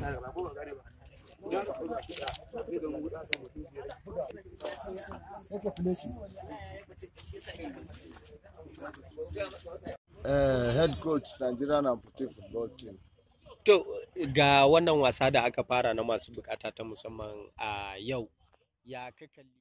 Eh, head ga wannan wasa da aka fara na masu bukata ta musamman a yau ya kakalli.